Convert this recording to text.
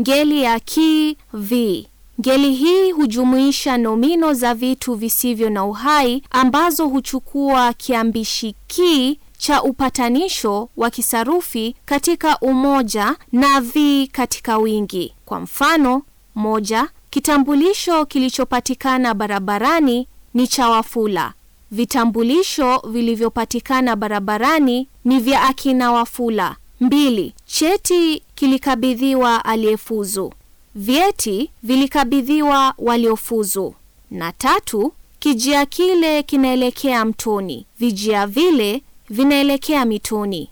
Ngeli ya ki vi. Ngeli hii hujumuisha nomino za vitu visivyo na uhai ambazo huchukua kiambishi ki cha upatanisho wa kisarufi katika umoja na vi katika wingi. Kwa mfano, moja, kitambulisho kilichopatikana barabarani ni cha Wafula. Vitambulisho vilivyopatikana barabarani ni vya akina Wafula. Mbili, cheti kilikabidhiwa aliyefuzu. Vyeti vilikabidhiwa waliofuzu. Na tatu, kijia kile kinaelekea mtoni. Vijia vile vinaelekea mitoni.